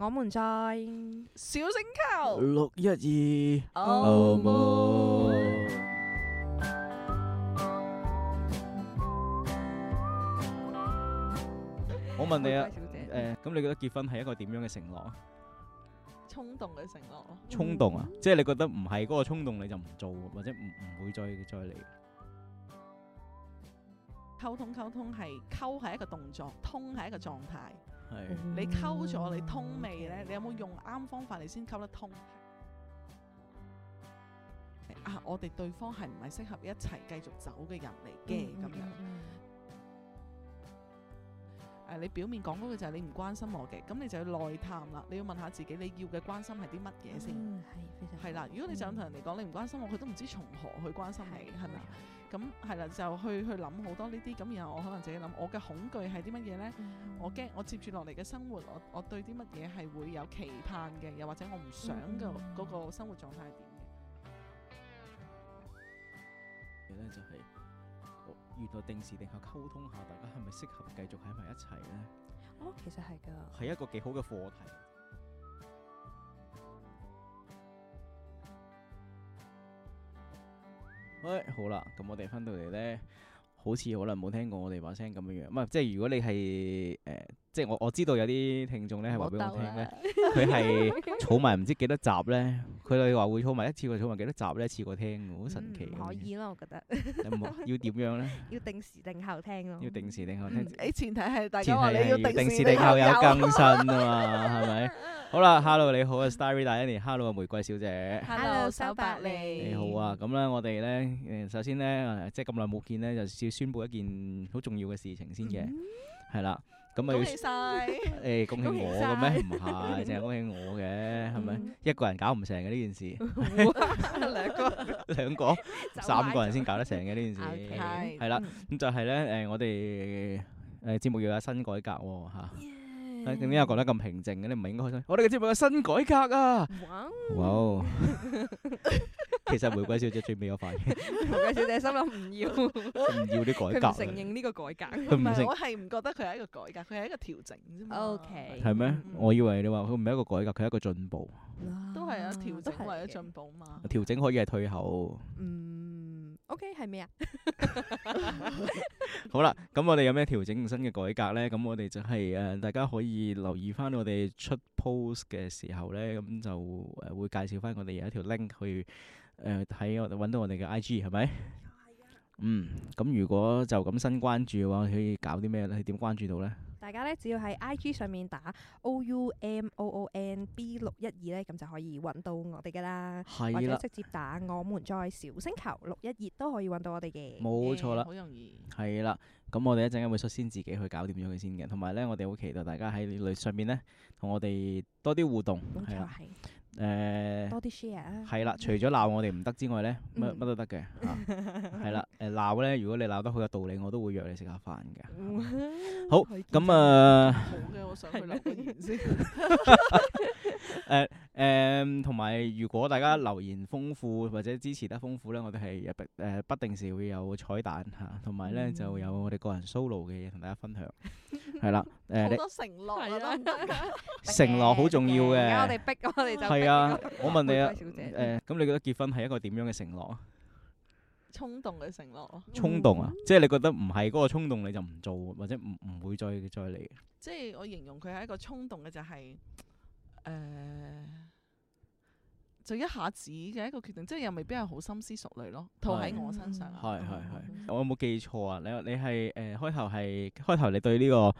我們在小星球六一二，好冇？我問你啊，小姐，誒，咁你覺得結婚係一個點樣嘅承諾啊？衝動嘅承諾咯。衝動啊，即係你覺得唔係嗰個衝動，你就唔做，或者唔唔會再再嚟。溝通，溝通，係溝，係一個動作，通係一個狀態。 你溝咗你通未咧？你有冇用啱方法？你先溝得通？啊，我哋對方係唔係適合一齊繼續走嘅人嚟嘅咁樣？誒，你表面講嗰個就係你唔關心我嘅，咁你就要內探啦。你要問下自己，你要嘅關心係啲乜嘢先？係啦、嗯，如果你就同人哋講你唔關心我，佢都唔知從何去關心你，係咪啊？咁係啦，就去去諗好多呢啲，咁然後我可能自己諗，我嘅恐懼係啲乜嘢咧？嗯、我驚我接住落嚟嘅生活，我我對啲乜嘢係會有期盼嘅，又或者我唔想嘅嗰個生活狀態係點嘅？原來就係。嗯原來定時定刻溝通下，大家係咪適合繼續喺埋一齊咧？哦，其實係㗎，係一個幾好嘅課題。喂，好啦，咁我哋翻到嚟咧。好似可能冇聽過我哋把聲咁樣樣，唔係即係如果你係誒、呃，即係我我知道有啲聽眾咧係話俾我聽咧，佢係儲埋唔知幾多集咧，佢哋話會儲埋一次過儲埋幾多集咧一次過聽，好神奇。嗯、可以咯，我覺得要。要點樣咧？要定時定候聽咯。要定時定候聽。誒 前提係大家話你要定時定候有更新啊嘛，係咪？ 好啦，Hello，你好啊，Starry Diana，Hello 啊，玫瑰小姐，Hello，小白你，你好啊，咁咧我哋咧，誒，首先咧，即係咁耐冇見咧，就要宣布一件好重要嘅事情先嘅，係啦，咁啊要，恭喜晒，誒，恭喜我嘅咩？唔係，淨係恭喜我嘅，係咪？一個人搞唔成嘅呢件事，兩個，兩個，三個人先搞得成嘅呢件事，係，係啦，咁就係咧，誒，我哋誒節目要有新改革喎，吓。點解講得咁平靜嘅？你唔係應該開心。我哋嘅節目有新改革啊！哇，其實玫瑰小姐最尾有反應，玫瑰小姐心諗唔要，唔要啲改革，承認呢個改革，我係唔覺得佢係一個改革，佢係一個調整啫嘛。O K，係咩？我以為你話佢唔係一個改革，佢係一個進步。都係啊，調整為咗進步嘛。調整可以係退後。嗯。O K 係咩？啊、okay？ 好啦，咁我哋有咩調整新嘅改革呢？咁我哋就係、是、誒、呃，大家可以留意翻我哋出 post 嘅時候呢，咁、嗯、就誒、呃、會介紹翻我哋有一條 link 去睇我搵到我哋嘅 I G 係咪？嗯，咁如果就咁新關注嘅話，可以搞啲咩咧？你點關注到咧？大家咧只要喺 I G 上面打 O U M O O N B 六一二咧，咁就可以揾到我哋噶啦。係啦，或者直接打我們在小星球六一二都可以揾到我哋嘅。冇錯啦，好、欸、容易。係啦，咁我哋一陣間會率先自己去搞掂咗佢先嘅，同埋咧我哋好期待大家喺呢上面咧同我哋多啲互動。冇錯係。啦誒，呃、多啲 share 係啦、啊，除咗鬧我哋唔得之外咧，乜乜、嗯、都得嘅吓，係、啊、啦，誒， 鬧、呃、咧，如果你鬧得好有道理，我都會約你食下飯㗎。嗯、吧好，咁啊的，好嘅、嗯，我想去留言先。誒。誒，同埋如果大家留言豐富或者支持得豐富咧，我哋係誒不定時會有彩蛋吓，同埋咧就有我哋個人 solo 嘅嘢，同大家分享，係啦，誒，好多承諾，承諾好重要嘅，我哋逼我哋係啊，我問你啊，誒，咁你覺得結婚係一個點樣嘅承諾啊？衝動嘅承諾咯，衝動啊，即係你覺得唔係嗰個衝動，你就唔做，或者唔唔會再再嚟？即係我形容佢係一個衝動嘅，就係誒。就一下子嘅一個決定，即係又未必係好深思熟慮咯，套喺 我身上。係係係，我有冇記錯啊？你你係誒、呃、開頭係開頭你對呢、呢個誒、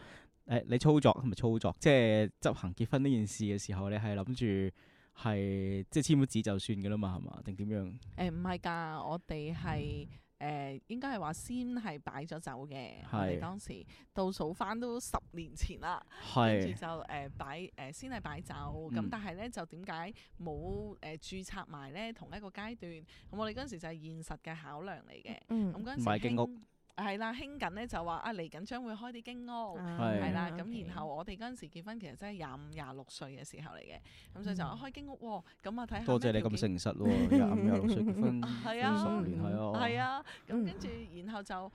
呃、你操作同埋、嗯、操作，即係執行結婚呢件事嘅時候，你係諗住係即係簽個字就算㗎啦嘛，係嘛？定點樣？誒唔係㗎，我哋係、嗯。誒、呃、應該係話先係擺咗酒嘅，是我哋當時倒數翻都十年前啦，跟住是就誒、呃、擺誒、呃、先係擺酒，咁、嗯、但係咧就點解冇誒註冊埋咧同一個階段？咁我哋嗰陣時就係現實嘅考量嚟嘅，咁嗰陣時係啦，興緊咧就話啊，嚟緊將會開啲經屋，係、啊、啦。咁、啊 okay. 然後我哋嗰陣時結婚，其實真係廿五、廿六歲嘅時候嚟嘅。咁、嗯、所以就、啊、開經屋喎，咁啊睇下。看看。多謝你咁誠實喎、啊，廿五廿六歲結婚， 啊、十年係、嗯、啊。係啊、嗯，咁跟住然後就誒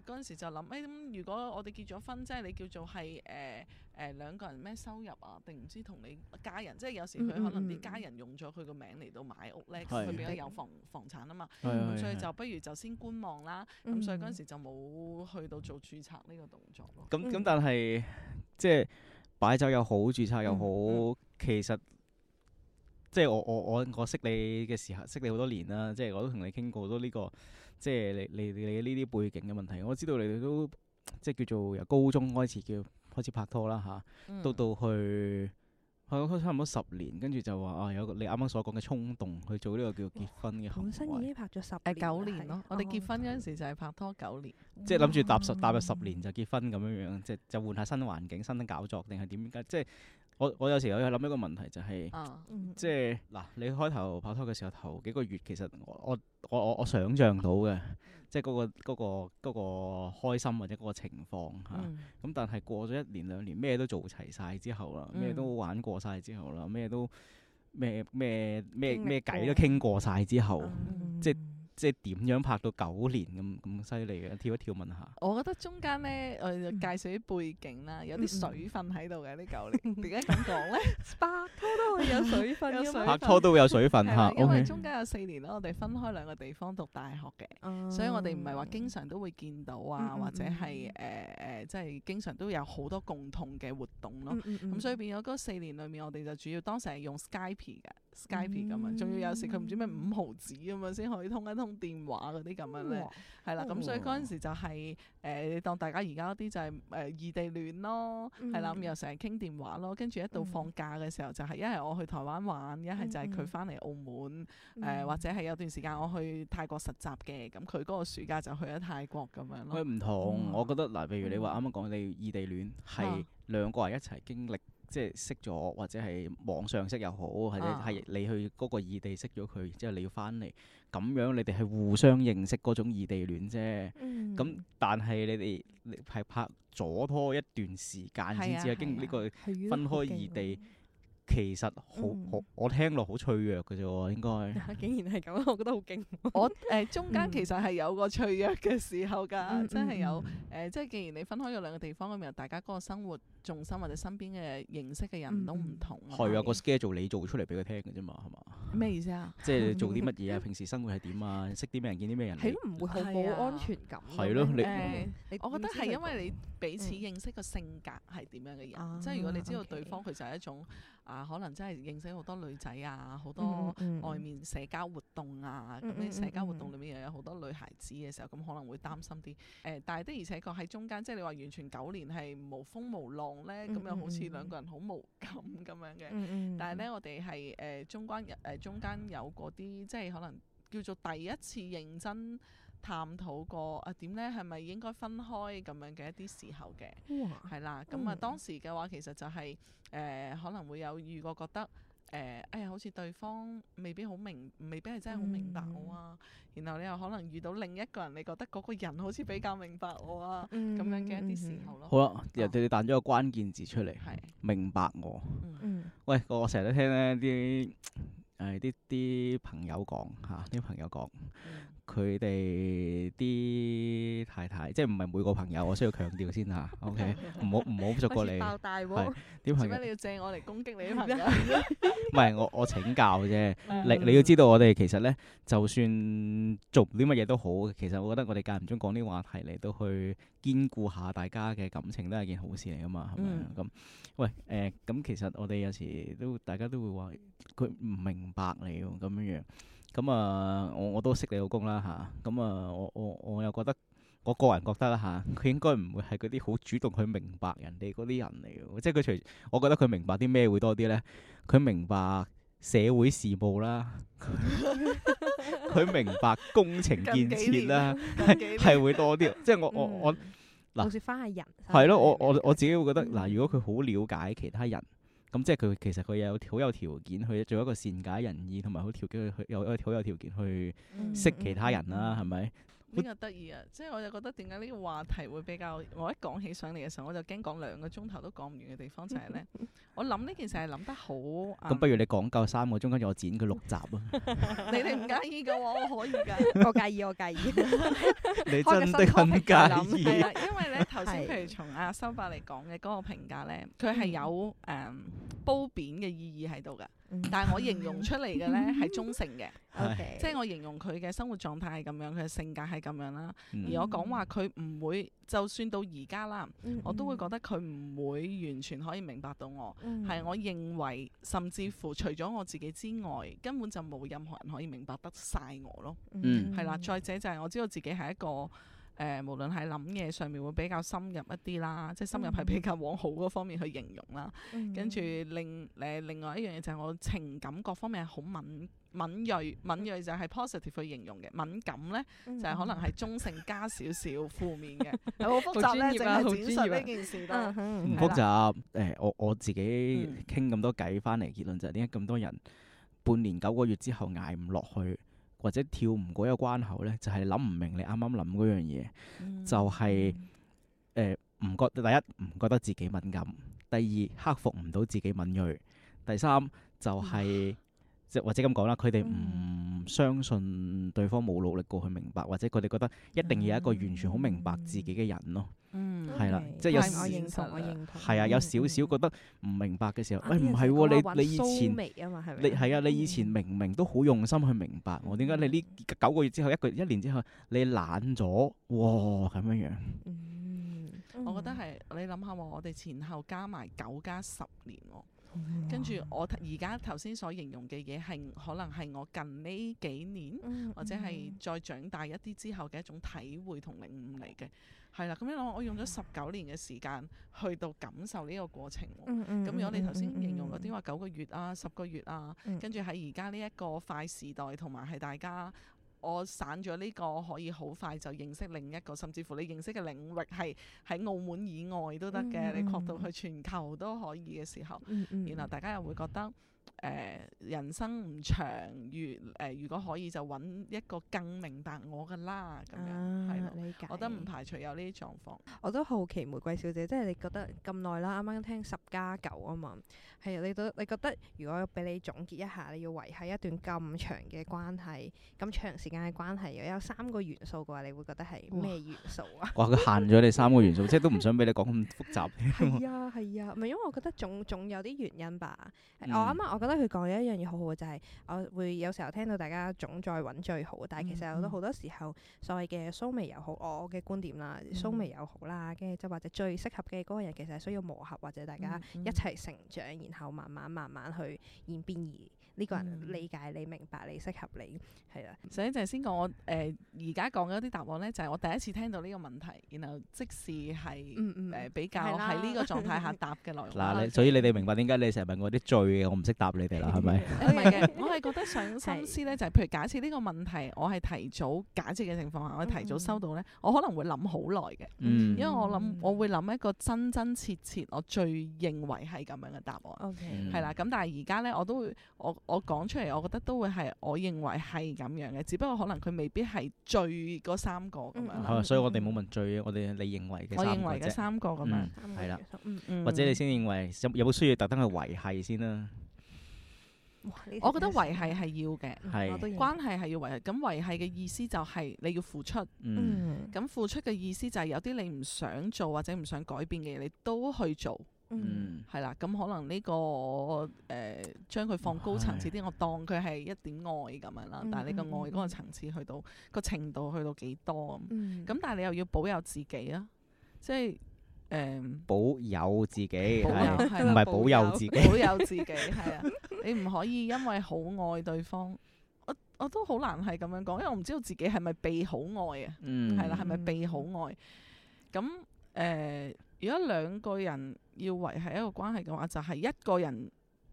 嗰陣時就諗，咁、欸、如果我哋結咗婚，即、就、係、是、你叫做係誒。呃誒兩個人咩收入啊？定唔知同你家人，即係有時佢可能啲家人用咗佢個名嚟到買屋咧，佢變咗有房的房產啊嘛的、嗯，所以就不如就先觀望啦。咁、嗯嗯、所以嗰陣時就冇去到做註冊呢個動作咯。咁咁，但係即係擺酒又好，註冊又好，其實即係我我我我識你嘅時候，識你好多年啦。即係我都同你傾過都、這、呢個，即係你你你呢啲背景嘅問題，我知道你都即係叫做由高中開始叫。開始拍拖啦嚇，啊嗯、到到去係差唔多十年，跟住就話啊有你啱啱所講嘅衝動去做呢個叫結婚嘅行為。本身已經拍咗十誒、哎、九年咯，是我哋結婚嗰陣時就係拍拖九年，哦、即係諗住踏十踏咗十年就結婚咁樣樣，嗯、即係就換下新環境、新嘅搞作定係點解？即係。我我有時有諗一個問題就係、係，即係嗱，你開頭拍拖嘅時候，頭幾個月其實我我我我我想像到嘅，即係嗰個嗰、嗰個嗰個開心或者嗰個情況嚇，咁、啊嗯、但係過咗一年兩年咩都做齊晒之後啦，咩都玩過晒之後啦，咩都咩咩咩咩偈都傾過晒之後，即係。即係點樣拍到九年咁咁犀利嘅？跳一跳問下。我覺得中間咧，我哋介紹啲背景啦，有啲水分喺度嘅呢九年。點解咁講咧？拍拖都會有水分。拍拖都會有水分嚇。因為中間有四年啦，我哋分開兩個地方讀大學嘅，所以我哋唔係話經常都會見到啊，或者係誒誒，即係經常都有好多共同嘅活動咯。咁所以變咗嗰四年裏面，我哋就主要當時係用 Skype 嘅。Skype 咁樣、嗯，仲要有時佢唔知咩五毫紙咁樣，先可以通一通電話嗰啲咁樣咧，係啦、哦，咁所以嗰陣時就係、是、誒、欸、當大家而家啲就係、是、誒、呃、異地戀咯，係、嗯、啦，咁又成日傾電話咯，跟住一到放假嘅時候就係一係我去台灣玩，一係就係佢翻嚟澳門，誒、嗯呃、或者係有段時間我去泰國實習嘅，咁佢嗰個暑假就去咗泰國咁樣咯。佢唔同，嗯、我覺得嗱，譬如你話啱啱講你異地戀係兩個人一齊經歷。哦嗯嗯哦即係識咗，或者係網上識又好，或者係你去嗰個異地識咗佢，之後你要翻嚟，咁樣你哋係互相認識嗰種異地戀啫。咁、嗯、但係你哋係拍咗拖一段時間先至係啊，啊啊、經歷呢個分開異地。其實好我聽落好脆弱嘅啫喎，應該竟然係咁，我覺得好勁。我誒中間其實係有個脆弱嘅時候㗎，真係有誒，即係既然你分開咗兩個地方咁，又大家嗰個生活重心或者身邊嘅認識嘅人都唔同。係啊，個 schedule 做你做出嚟俾佢聽㗎啫嘛，係嘛？咩意思啊？即係你做啲乜嘢啊？平時生活係點啊？識啲咩人？見啲咩人？係都唔會好冇安全感。係咯，你我覺得係因為你彼此認識嘅性格係點樣嘅人？即係如果你知道對方佢就係一種。啊，可能真係認識好多女仔啊，好多外面社交活動啊，咁啲、嗯嗯、社交活動裡面又有好多女孩子嘅時候，咁、嗯嗯、可能會擔心啲。誒、呃，但係的而且確喺中間，即係你話完全九年係無風無浪咧，咁又、嗯、好似兩個人好無感咁樣嘅。嗯、但係咧，我哋係誒中關誒、呃、中間有嗰啲，即係可能叫做第一次認真。探討過啊點咧，係咪應該分開咁樣嘅一啲時候嘅？係啦，咁啊當時嘅話，其實就係誒可能會有遇過覺得誒，哎呀，好似對方未必好明，未必係真係好明白我啊。然後你又可能遇到另一個人，你覺得嗰個人好似比較明白我啊，咁樣嘅一啲時候咯。好啦，人哋彈咗個關鍵字出嚟，係明白我。喂，我成日都聽咧啲誒啲啲朋友講吓，啲朋友講。佢哋啲太太，即係唔係每個朋友， 我需要強調先吓 OK 唔好唔好，okay? 逐個你。爆大喎！點解你要借我嚟攻擊你啲朋友？唔 係， 我我請教啫。 你 你要知道，我哋其實咧，就算做啲乜嘢都好，其實我覺得我哋間唔中講啲話題嚟，到去兼顧下大家嘅感情，都係件好事嚟噶嘛，係咪咁？喂，誒、呃，咁其實我哋有時都大家都會話，佢唔明白你喎，咁樣樣。咁啊、嗯，我我都識你老公啦吓，咁啊，嗯、我我我又覺得，我個人覺得啦吓，佢、啊、應該唔會係嗰啲好主動去明白人哋嗰啲人嚟嘅。即係佢除，我覺得佢明白啲咩會多啲咧？佢明白社會事務啦，佢 明白工程建設啦，係 會多啲。即係我、嗯、我我嗱，講翻下人係咯。我我我，我自己會覺得嗱，如果佢好了解其他人。咁即係佢其實佢有好有條件去做一個善解人意，同埋好條件去有好有條件去識其他人啦，啊，係咪？邊個得意啊？即係我就覺得點解呢個話題會比較，我一講起上嚟嘅時候，我就驚講兩個鐘頭都講唔完嘅地方就係、是、咧，我諗呢件事係諗得好。咁不如你講夠三個鐘，跟住我剪佢六集啊！你哋唔介意嘅話，我可以㗎。 我介意，我介意。 你真的很介意啊？因為咧，頭先譬如從阿、啊、修伯嚟講嘅嗰個評價咧，佢係 有誒褒貶嘅意義喺度㗎。嗯、但係我形容出嚟嘅呢係中性嘅， 嗯、即係我形容佢嘅生活狀態係咁樣，佢嘅性格係咁樣啦。而我講話佢唔會，就算到而家啦，嗯嗯我都會覺得佢唔會完全可以明白到我。係、嗯、我認為，甚至乎除咗我自己之外，根本就冇任何人可以明白得晒我咯。係、嗯、啦，再者就係我知道自己係一個。誒、呃，無論係諗嘢上面會比較深入一啲啦，即係深入係比較往好嗰方面去形容啦。嗯、跟住另誒，另外一樣嘢就係我情感各方面好敏敏鋭，敏鋭就係 positive 去形容嘅。敏感咧就係可能係中性加少少負面嘅。好、嗯、 複雜咧，淨係、啊、展示呢件事得？唔、啊、複雜，誒、欸，我我自己傾咁多偈翻嚟結論就係點解咁多人半年九個月之後捱唔落去？或者跳唔過一個關口呢，就係諗唔明你啱啱諗嗰樣嘢，就係、是、唔、嗯就係呃、覺第一唔覺得自己敏感，第二克服唔到自己敏鋭，第三就係、是。嗯即或者咁講啦，佢哋唔相信對方冇努力過去明白，嗯、或者佢哋覺得一定要有一個完全好明白自己嘅人咯。嗯，係啦、嗯，的即有少少係啊，有少少覺得唔明白嘅時候，喂、嗯，唔係喎，你是是、啊、你以前你係啊，你以前明明都好用心去明白，我點解你呢九個月之後一個一年之後你懶咗？哇，咁樣樣、嗯。我覺得係你諗下喎，我哋前後加埋九加十年喎。嗯啊，跟住我而家頭先所形容嘅嘢，係可能係我近呢幾年，嗯嗯、或者係再長大一啲之後嘅一種體會同領悟嚟嘅。係啦，咁樣我我用咗十九年嘅時間去到感受呢個過程。咁，嗯嗯嗯，如果你頭先形容嗰啲話九個月啊，十個月啊，嗯、跟住喺而家呢一個快時代同埋係大家。我散咗呢個，可以好快就認識另一個，甚至乎你認識嘅領域係喺澳門以外都得嘅，嗯嗯你擴到去全球都可以嘅時候，嗯嗯然後大家又會覺得。誒人生唔長，如誒如果可以就揾一個更明白我嘅啦，咁樣係咯，我覺得唔排除有呢啲狀況。我都好奇玫瑰小姐，即係你覺得咁耐啦，啱啱聽十加九啊嘛，係你對你覺得，如果俾你總結一下，你要維係一段咁長嘅關係，咁長時間嘅關係，有有三個元素嘅話，你會覺得係咩元素啊？哇！佢限咗你三個元素，即係都唔想俾你講咁複雜。係啊係啊，咪因為我覺得總總有啲原因吧。我啱啱我。覺得佢講嘅一樣嘢好好嘅就係、是，我會有時候聽到大家總在揾最好，但係其實有好多時候、嗯、所謂嘅 soulmate 又好，哦、我嘅觀點啦，soulmate 又好啦，跟住就或者最適合嘅嗰個人其實係需要磨合，或者大家一齊成長，嗯嗯、然後慢慢慢慢去演變而。呢個人理解你、嗯、明白你、適合你，係啊，首先就係先講我誒、呃，而家講嗰啲答案咧，就係、是、我第一次聽到呢個問題，然後即使係嗯比較喺呢個狀態下答嘅內容。嗱、嗯，嗯、所以你哋明白點解你成日問我啲最嘅，我唔識答你哋啦，係咪、嗯？唔係嘅 我係覺得想心思咧，就係、是、譬如假設呢個問題，我係提早假設嘅情況下，我提早收到咧，嗯、我可能會諗好耐嘅。嗯、因為我諗我會諗一個真真切切我最認為係咁樣嘅答案。OK，係啦。咁、嗯、但係而家咧，我都會我。我講出嚟，我覺得都會係，我認為係咁樣嘅，只不過可能佢未必係最嗰三個咁樣。嗯嗯、所以我哋冇問最，嗯、我哋你認為嘅我認為嘅三個咁樣，係啦，或者你先認為有冇需要特登去維繫先啦、啊？想想想我覺得維繫係要嘅，係、嗯、關係係要維繫。咁維繫嘅意思就係你要付出。嗯。咁付出嘅意思就係有啲你唔想做或者唔想改變嘅嘢，你都去做。嗯，係啦、嗯，咁可能呢、這個誒，將、呃、佢放高層次啲，哎、呀我當佢係一點愛咁樣啦。但係你愛個愛嗰個層次去到個、嗯嗯、程度去到幾多？咁、嗯、但係你又要保有自己啊，即係誒，呃、保有自己，唔係保有自己， 保有自己係啊。你唔可以因為好愛對方，我我都好難係咁樣講，因為我唔知道自己係咪被好愛啊、嗯嗯。嗯，係、嗯、啦，係咪被好愛？咁誒。如果兩個人要維繫一個關係嘅話，就係、是、一個人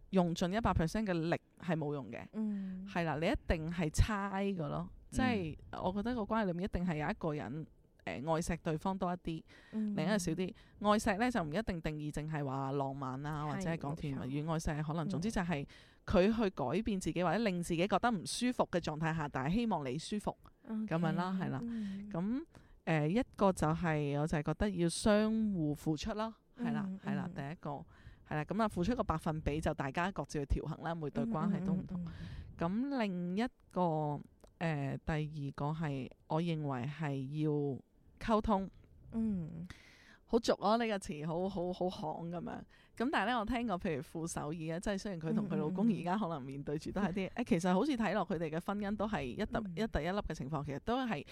用盡一百 percent 嘅力係冇用嘅。嗯，係啦，你一定係猜㗎咯。嗯、即係我覺得個關係裏面一定係有一個人誒、呃、愛錫對方多一啲，嗯、另一個少啲。愛錫咧就唔一定定義淨係話浪漫啊，或者係講甜蜜。與愛錫可能總之就係佢去改變自己或者令自己覺得唔舒服嘅狀態下，但係希望你舒服咁、嗯、樣啦，係啦、嗯，咁、嗯。嗯誒一個就係我就係覺得要相互付出咯，係啦係啦，第一個係啦咁啊，付出個百分比就大家各自去調衡啦，每對關係都唔同。咁另一個誒第二個係，我認為係要溝通。嗯，好俗咯呢個詞，好好好行咁樣。咁但係咧，我聽過譬如傅首爾啊，即係雖然佢同佢老公而家可能面對住都係啲誒，其實好似睇落佢哋嘅婚姻都係一粒一第一粒嘅情況，其實都係。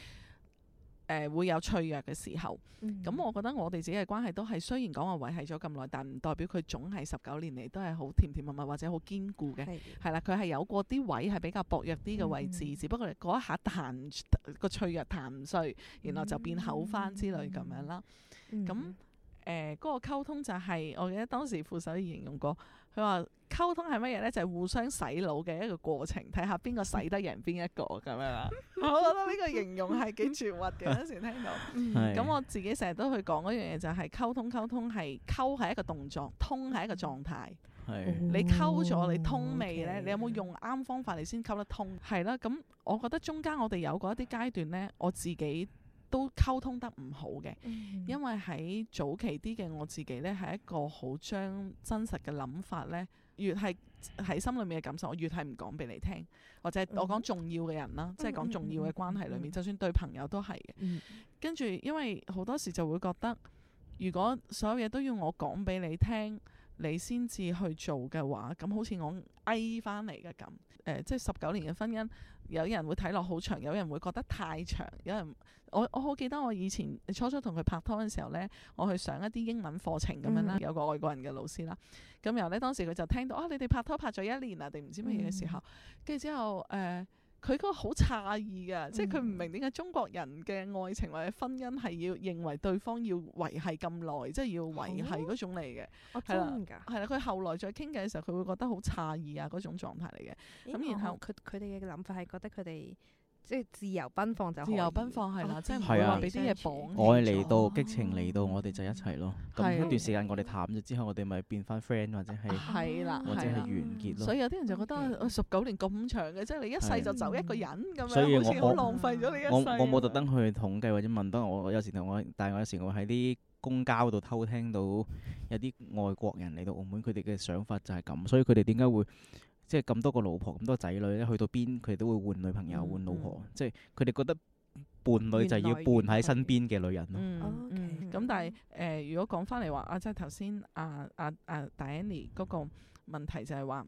誒、呃、會有脆弱嘅時候，咁、嗯、我覺得我哋自己嘅關係都係雖然講話維係咗咁耐，但唔代表佢總係十九年嚟都係好甜甜蜜蜜或者好堅固嘅，係是啦，佢係有過啲位係比較薄弱啲嘅位置，嗯、只不過嗰一下彈個脆弱彈唔碎，然後就變厚翻之類咁樣啦。咁誒嗰個溝通就係、是、我記得當時副手形容過。佢話溝通係乜嘢呢？就係、是、互相洗腦嘅一個過程，睇下邊個洗得贏邊一個咁樣啦。我覺得呢個形容係幾絕核嘅，有時聽到。咁、嗯嗯嗯嗯、我自己成日都去講一樣嘢，就係、是、溝通溝通係溝係一個動作，通係一個狀態、哦。你溝咗你通未呢？Okay、你有冇用啱方法你先溝得通？係啦，咁我覺得中間我哋有過一啲階段呢，我自己。都溝通得唔好嘅，因為喺早期啲嘅我自己咧，係一個好將真實嘅諗法咧，越係喺心裏面嘅感受，我越係唔講俾你聽，或者我講重要嘅人啦，嗯、即係講重要嘅關係裏面，嗯、就算對朋友都係嘅。嗯、跟住因為好多時就會覺得，如果所有嘢都要我講俾你聽，你先至去做嘅話，咁好似我嗌翻嚟嘅咁，誒、呃，即係十九年嘅婚姻。有人會睇落好長，有人會覺得太長。有人，我我好記得我以前初初同佢拍拖嘅時候呢，我去上一啲英文課程咁樣啦，嗯、有個外國人嘅老師啦。咁然後咧，當時佢就聽到啊，你哋拍拖拍咗一年啊，定唔知乜嘢嘅時候，跟住之後誒。呃佢嗰個好詫異㗎，即係佢唔明點解中國人嘅愛情或者婚姻係要認為對方要維繫咁耐，即、就、係、係、要維繫嗰種嚟嘅，係啦、哦，係啦的。佢後來再傾偈嘅時候，佢會覺得好詫異呀嗰種狀態嚟嘅。咁咦、嗯、然後佢佢哋嘅諗法係覺得佢哋。即係自由奔放就，自由奔放係啦，啊、即係唔會俾啲嘢綁。我係嚟到激情嚟到，我哋就一齊咯。咁、嗯嗯、一段時間我哋淡咗之後，我哋咪變翻 friend 或者係係啦或者係完結咯、嗯。所以有啲人就覺得，嗯、十九年咁長嘅即係，你一世就走一個人咁、嗯、樣，所以好似好浪費咗你一世。我我冇特登去統計或者問多我有時同我，但係我有時我喺啲公交度偷聽到有啲外國人嚟到澳門，佢哋嘅想法就係咁，所以佢哋點解會？即係咁多個老婆，咁多仔女咧，去到邊佢哋都會換女朋友、嗯、換老婆。即係佢哋覺得伴侶就要伴喺身邊嘅女人咯。嗯，OK。咁但係誒、呃，如果講翻嚟話啊，即係頭先啊啊啊，Daniel 嗰個問題就係話。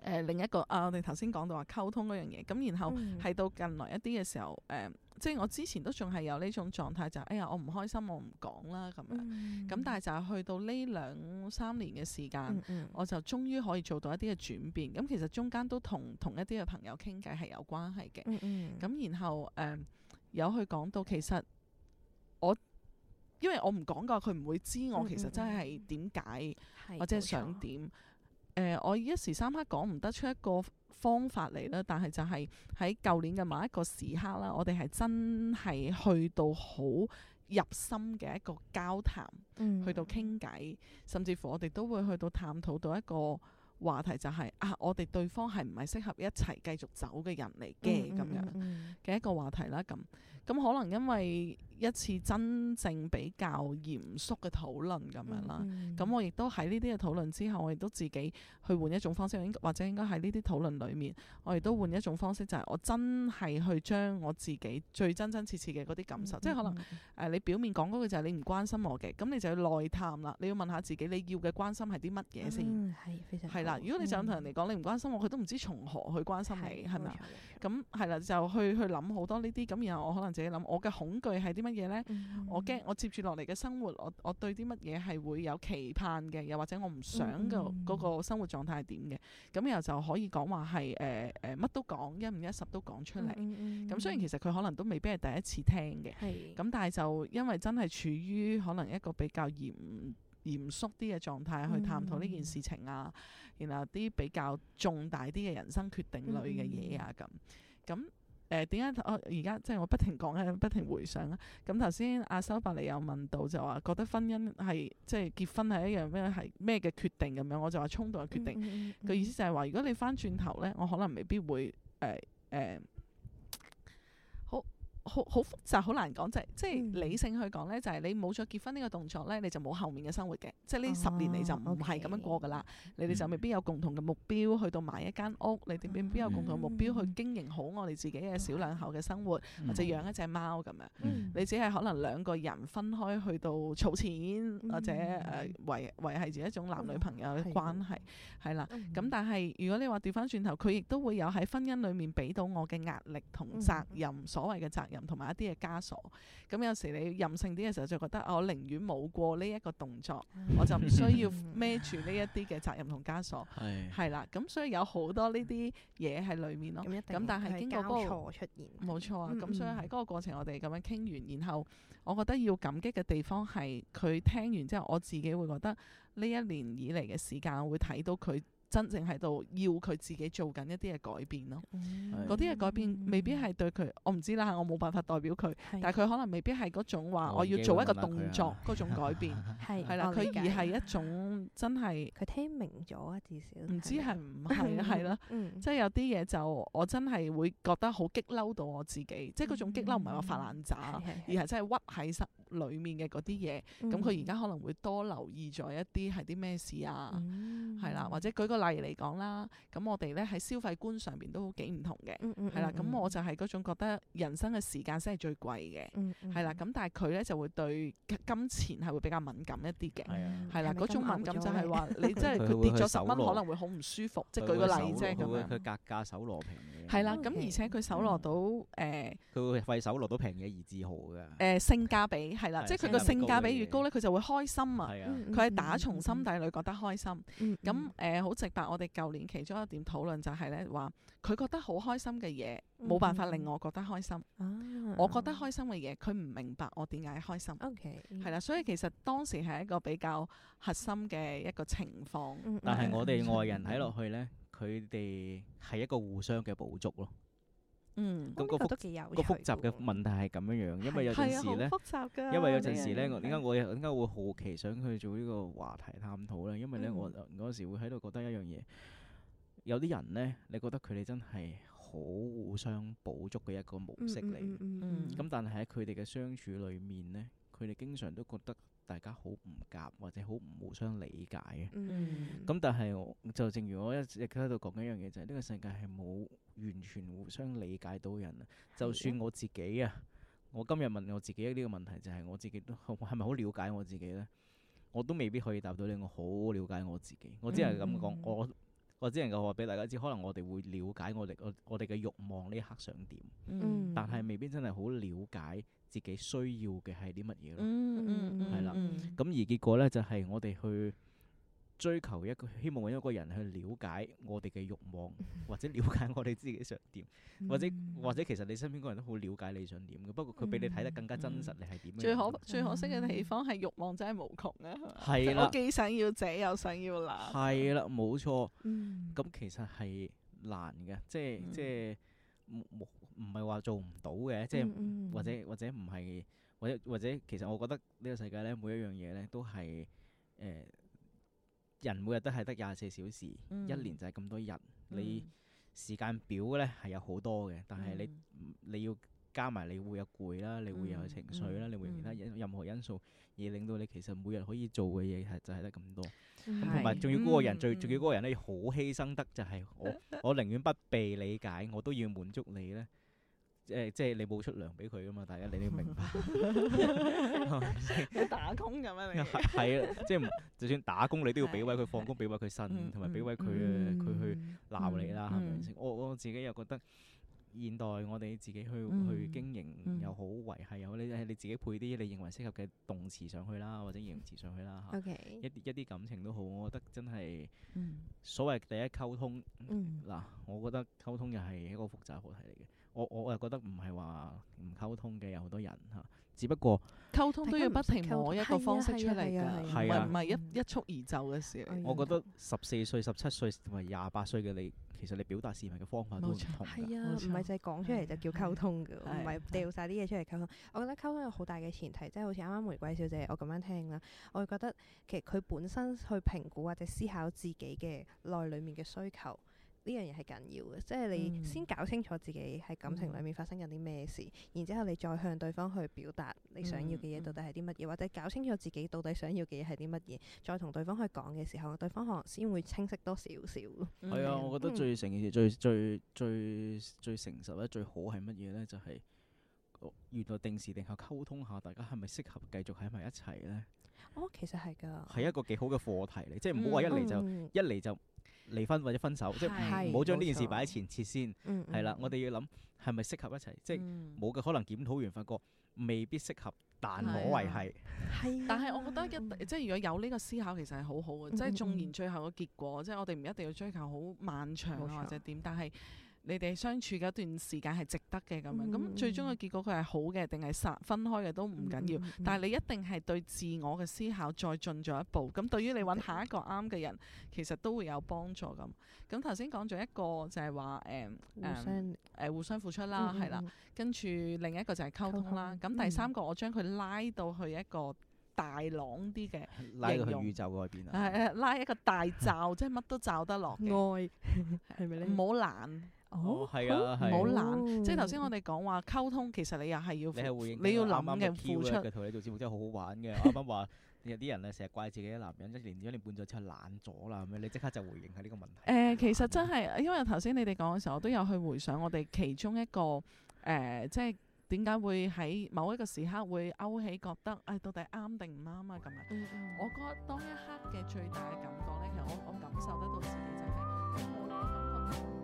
誒、呃，另一個啊，我哋頭先講到話溝通嗰樣嘢，咁然後係到近來一啲嘅時候，誒、欸、即、就、係、是、我之前都仲係有呢種狀態，就哎呀，我唔開心，我唔講啦，咁、嗯、樣、咁、嗯嗯、但係就係去到呢兩三年嘅時間，嗯嗯、我就終於可以做到一啲嘅轉變。咁、嗯嗯、其實中間都同同一啲嘅朋友傾偈係有關係嘅，咁、嗯嗯嗯嗯、然後誒、啊、有去講到，其實我因為我唔講嘅話，佢唔會知我其實真係點解或者係想點。誒、呃，我一時三刻講唔得出一個方法嚟啦，但係就係喺舊年嘅某一個時刻啦，我哋係真係去到好入心嘅一個交談，嗯、去到傾偈，甚至乎我哋都會去到探討到一個話題，就係，就係啊，我哋對方係唔係適合一齊繼續走嘅人嚟嘅咁樣嘅一個話題啦。咁咁可能因為，一次真正比較嚴肅嘅討論，咁、嗯、樣啦，咁我亦都喺呢啲嘅討論之後，我亦都自己去換一種方式，或者應該喺呢啲討論裏面，我亦都換一種方式，就係我真係去將我自己最真真切切嘅嗰啲感受，嗯、即係可能誒、呃、你表面講嗰句就係你唔關心我嘅，咁你就要內探啦，你要問下自己你要嘅關心係啲乜嘢先，係、嗯、啦，如果你就同人哋講，你唔關心我，佢都唔知從何去關心你係咪？咁係啦，就去去諗好多呢啲，咁然後我可能自己諗，我嘅恐懼係啲。乜嘢咧？呢嗯、我驚我接住落嚟嘅生活，我我對啲乜嘢係會有期盼嘅，又或者我唔想嘅、嗰、嗰、個嗯、個生活狀態係點嘅？咁又就可以講話係誒誒乜都講，一五一十都講出嚟。咁、嗯嗯、雖然其實佢可能都未必係第一次聽嘅，咁、嗯、但係就因為真係處於可能一個比較嚴嚴肅啲嘅狀態去探討呢件事情啊，嗯、然後啲比較重大啲嘅人生決定類嘅嘢啊，咁咁。嗯嗯誒，點解我而家即係我不停講咧，不停回想啦。咁頭先阿修伯你有問到就話，覺得婚姻係即係結婚係一樣咩係咩嘅決定咁樣，我就話衝動嘅決定。佢、嗯嗯嗯、意思就係話，如果你翻轉頭咧，我可能未必會誒誒。呃呃好好複雜，好難講。即係理性去講呢，就係、是、你冇咗結婚呢個動作呢，你就冇後面嘅生活嘅。即係呢十年你就唔係咁樣過噶啦。哦、okay，你哋就未必有共同嘅目標去到買一間屋。你哋未必有共同嘅目標去經營好我哋自己嘅小兩口嘅生活，或者養一隻貓咁樣。嗯、你只係可能兩個人分開去到儲錢，嗯、或者誒維維係住一種男女朋友嘅關係，係啦、哦。咁但係如果你話調返轉頭，佢亦都會有喺婚姻裡面俾到我嘅壓力同責任，所謂嘅責任。同埋一啲嘅枷鎖，咁有時你任性啲嘅時候，就覺得、啊、我寧願冇過呢一個動作， 我就唔需要孭住呢一啲嘅責任同枷鎖，係係啦。咁所以有好多呢啲嘢喺裏面咯。咁、嗯嗯嗯、但係經過嗰、嗰個錯出現，冇錯、啊。咁所以喺嗰個過程，我哋咁樣傾完，然後我覺得要感激嘅地方係佢聽完之後，我自己會覺得呢一年以嚟嘅時間，我會睇到佢。真正喺度要佢自己做緊一啲嘅改變咯，嗰啲嘅改變未必係對佢，我唔知啦，我冇辦法代表佢，但係佢可能未必係嗰種話我要做一個動作嗰種改變，係啦，佢而係一種真係佢聽明咗至少，唔知係唔係，係啦，即係有啲嘢就我真係會覺得好激嬲到我自己，即係嗰種激嬲唔係話發爛渣，而係真係屈喺心裏面嘅嗰啲嘢，咁佢而家可能會多留意咗一啲係啲咩事啊，係啦，或者舉個。例如嚟講啦，咁我哋咧喺消費觀上邊都幾唔同嘅，係啦。咁我就係嗰種覺得人生嘅時間先係最貴嘅，係啦。咁但係佢咧就會對金錢係會比較敏感一啲嘅，係啦。嗰種敏感就係話你即係佢跌咗十蚊可能會好唔舒服，即舉個例啫，咁佢格價手攞平嘅，係啦。咁而且佢手攞到誒，佢會為手攞到平嘢而自豪嘅。誒，性價比係啦，即係佢個性價比越高咧，佢就會開心啊。佢係打從心底裏覺得開心。咁誒，好。明白，我哋舊年其中一點討論就係咧，話佢覺得好開心嘅嘢，冇辦法令我覺得開心。Mm hmm. 我覺得開心嘅嘢，佢唔明白我點解開心。O K，係啦，所以其實當時係一個比較核心嘅一個情況。但係我哋外人睇落去咧，佢哋係一個互相嘅補足咯。嗯，個個複個複雜嘅問題係咁樣樣，哦這個、因為有陣時咧，啊、因為有陣時咧，點解是我有點解會好奇想去做呢個話題探討咧？因為咧，嗯、我嗰陣時會喺度覺得一樣嘢，有啲人咧，你覺得佢哋真係好互相補足嘅一個模式嚟，咁、嗯嗯嗯嗯、但係喺佢哋嘅相處裏面咧，佢哋經常都覺得。大家好唔夾，或者好唔互相理解嘅。咁、嗯、但係就正如我一直喺度講緊一樣嘢，就係、是、呢個世界係冇完全互相理解到人。啊、就算我自己啊，我今日問我自己呢、呢個問題，就係我自己都係咪好了解我自己呢？我都未必可以答到你。我好了解我自己，我只係咁講。嗯、我我只能夠話俾大家知，可能我哋會了解我哋我哋嘅欲望呢一刻想點，嗯、但係未必真係好了解。自己需要嘅係啲乜嘢咯？係啦，咁而結果咧就係我哋去追求一個希望搵一個人去了解我哋嘅慾望，或者了解我哋自己想點，或者或者其實你身邊個人都好了解你想點嘅，不過佢畀你睇得更加真實，你係點？最可最可惜嘅地方係慾望真係無窮啊！係啦，既想要者又想要喇。係啦，冇錯。咁其實係難嘅，即係即係唔係話做唔到嘅，即係或者或者唔係，或者或者，或者其實我覺得呢個世界咧，每一樣嘢咧都係誒、呃、人每日都係得廿四小時，嗯、一年就係咁多日。你時間表咧係有好多嘅，但係你、嗯、你要加埋你會有攰啦，你會有情緒啦，嗯、你會有其他任任何因素而令到你其實每日可以做嘅嘢係就係得咁多。咁同埋仲要嗰個人、嗯、最仲要嗰個人咧，嗯、你好犧牲得就係我， 我寧願不被理解，我都要滿足你咧。誒，即係你冇出糧俾佢啊嘛！大家你都要明白，打工咁樣，你係啊，即係，就算打工你都要俾位佢放工，俾位佢信，同埋俾位佢佢去鬧你啦，係咪先？我我自己又覺得現代我哋自己去去經營又好，維繫又好，你你自己配啲你認為適合嘅動詞上去啦，或者形容詞上去啦，一啲感情都好，我覺得真係所謂第一溝通嗱，我覺得溝通又係一個複雜課題嚟嘅。我我又覺得唔係話唔溝通嘅有好多人嚇，只不過溝通都要不停摸一個方式出嚟㗎，唔係唔係一一蹴而就嘅事。我覺得十四歲、十七歲同埋廿八歲嘅你，其實你表達事物嘅方法都唔同㗎。係啊，唔係就係講出嚟就叫溝通㗎，唔係掉晒啲嘢出嚟溝通。我覺得溝通有好大嘅前提，即係好似啱啱玫瑰小姐我咁樣聽啦，我覺得其實佢本身去評估或者思考自己嘅內裡面嘅需求。呢樣嘢係緊要嘅，即係你先搞清楚自己喺感情裡面發生緊啲咩事，然之後你再向對方去表達你想要嘅嘢，到底係啲乜嘢，嗯嗯、或者搞清楚自己到底想要嘅嘢係啲乜嘢，再同對方去講嘅時候，對方可能先會清晰多少少。係啊、嗯，我覺得最誠實、嗯、最最最最誠實咧，最好係乜嘢呢？就係原來定時定候溝通下，大家係咪適合繼續喺埋一齊呢？哦，其實係㗎，係一個幾好嘅課題嚟，嗯、即係唔好話一嚟就一嚟就，嗯離婚或者分手，即係唔好將呢件事擺喺前設先，係啦。我哋要諗係咪適合一齊，嗯、即係冇嘅可能檢討完，發覺未必適合，但可維係。係，但係我覺得一即係如果有呢個思考，其實係好好嘅，嗯、即係縱然最後嘅結果，嗯、即係我哋唔一定要追求好漫長錯或者點，但係。你哋相處嗰段時間係值得嘅咁樣，咁最終嘅結果佢係好嘅定係散分開嘅都唔緊要，但係你一定係對自我嘅思考再進咗一步。咁對於你揾下一個啱嘅人，其實都會有幫助咁。咁頭先講咗一個就係話誒誒係互相付出啦，係啦，跟住另一個就係溝通啦。咁第三個我將佢拉到去一個大浪啲嘅，拉宇宙外邊拉一個大罩，即係乜都罩得落，愛係咪咧？唔好懶。好，唔好懶。即係頭先我哋講話溝通，其實你又係要，你要諗嘅付出。同你做節目真係好好玩嘅。啱啱話有啲人咧，成日怪自己啲男人一連一年半載之後懶咗啦，咁你即刻就回應下呢個問題。誒，其實真係，因為頭先你哋講嘅時候，我都有去回想我哋其中一個誒，即係點解會喺某一個時刻會勾起覺得，誒到底啱定唔啱啊？咁樣，我覺得當一刻嘅最大嘅感覺咧，其實我我感受得到自己就係冇乜感覺。